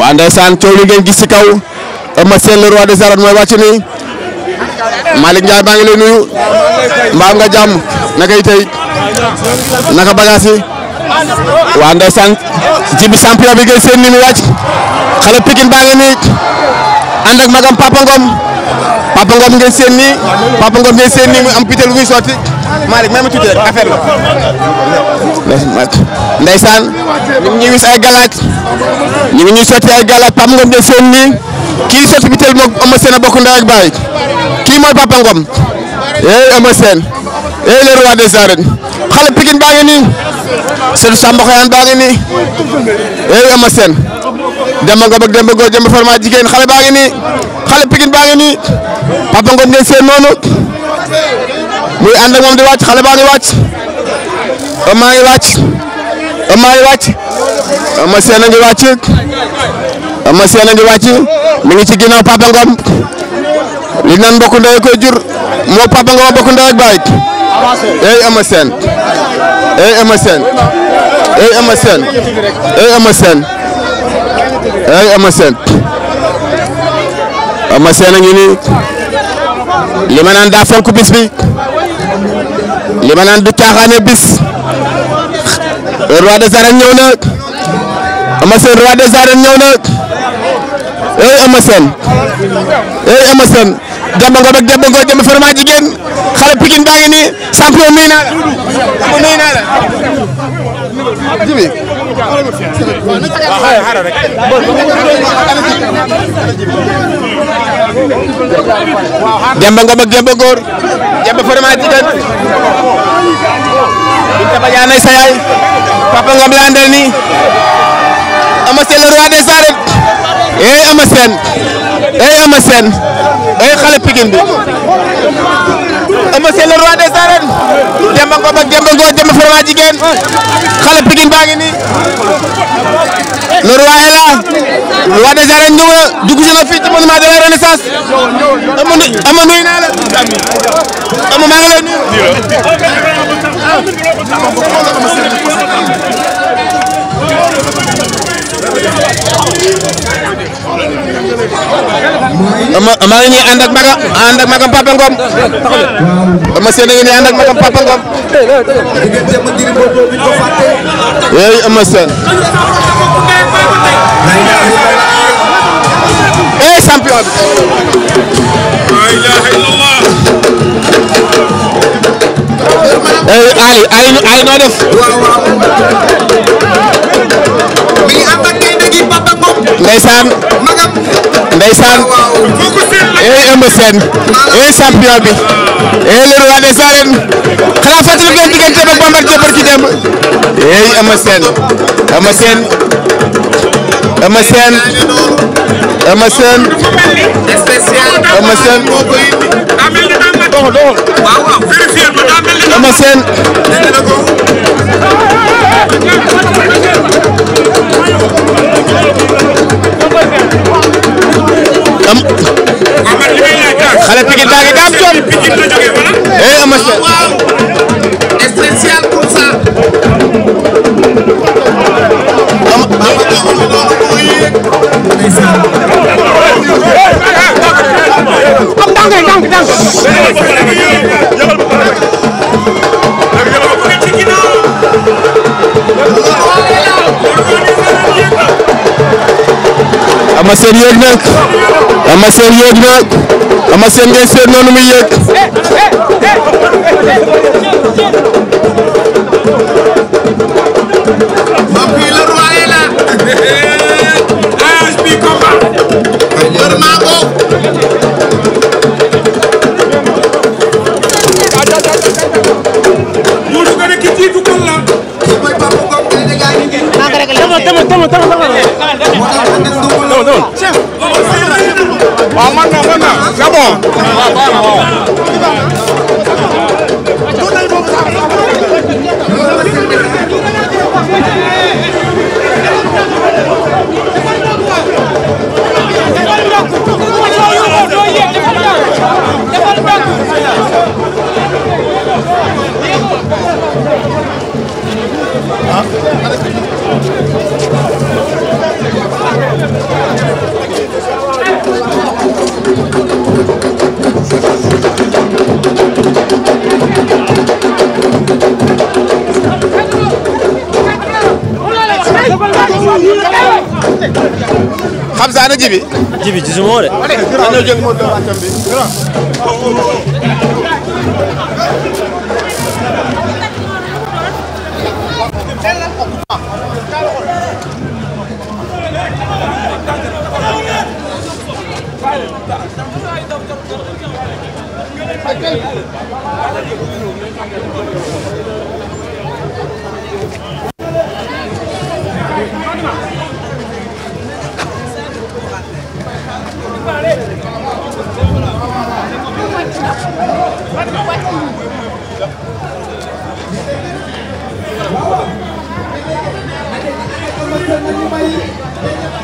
waa ndeysaan coow li ngeen gis ci kaw Eumeu Sène le roi des mooy wàcc nii Malick Ndiaye maa ngi lay nuyu mbaam nga jàmm naka itay naka bagaas yi waa ndeysaan jibi champion bi ngay seen ni mu wàcc xale Pikine baa ngi nii ànd ak magam Papa Ngom Papa seen nii Papa Ngom seen nii mu am pitel muy sotti Malick même tuuti rek la ndeysaan ñu ngi ñuy wis ay galaaj ñu ngi ñuy sotti ay galaaj Pape Ngom de seen nii kii sotti bi teel moom Eumeu Sène a bokk ndey ak baay kii mooy Papa Ngom eh Eumeu Sène le roi des arènes xale Pikine baa ngi nii seen Samba Xoyaan baa ngi nii eh Eumeu Sène Demba Ngom ak Demba Ngom Demba Farma xale baa ngi nii xale Pikine baa ngi nii Papa Ngom de seen muy ànd moom di wàcc xale baa ngi wàcc. maa ngi wàcc maa ngi wàcc Eumeu Sène a ngi wàcc Eumeu Sène a ngi wàcc mi ngi ci ginnaaw Papa Ngom li nan mbokk ndey koy jur moo Papa Ngom bokk ndey ak baay ey Eumeu Sène ey Eumeu Sène ey Eumeu Sène ey Eumeu Sène ey Eumeu Sène Eumeu Sène a ngi nii li ma naan daa fonk bis bi li ma naan du caaxaane bis Euh, roi des arènes ñëw na Eumeu Sène roi des arènes ñëw na ey Eumeu Sène ey Eumeu Sène jàmba jigéen xale Pikine baa ngi nii champion nuyu naa la champion nuyu naa jigéen Papa Ngam laa andal nii Eumeu Sène le roi des arènes eh Eumeu Sène eh Eumeu Sène eh, xale Pikine bi Eumeu Sène le roi des arènes Demba Ngom ak Demba Ngom Demba Farma xale Pikine baa ngi nii le roi est là le roi des arènes si na fii ci monument de la renaissance Eumeu Eumeu nuyu naa la Eumeu maa ngi lay maa ngi nii ànd ak maga ànd ak magam Papa Ngom Eumeu Sène ngi nii Ali Ali Ali noo def. waaw waaw. mi ngi ànd ak kayit gi Papa Ngom. ndeysaan. Magam. ndeysaan. waaw. eh Eumeu Sène. eh champion bi. eh le roi des arènes. xanaa fàttali ngeen diggante ba Bombardier barki doxal doxal. waaw waaw vérifié ma daa mel ni. Eumeu Sène. Ama Sène yéeg nag Ama Sène yéeg nag Ama Sène ngay seet waaw man na man na c'est bon waaw baax na waaw xam saa na jibi jibi ci suma de ana jël mo do akam bi Thank you. may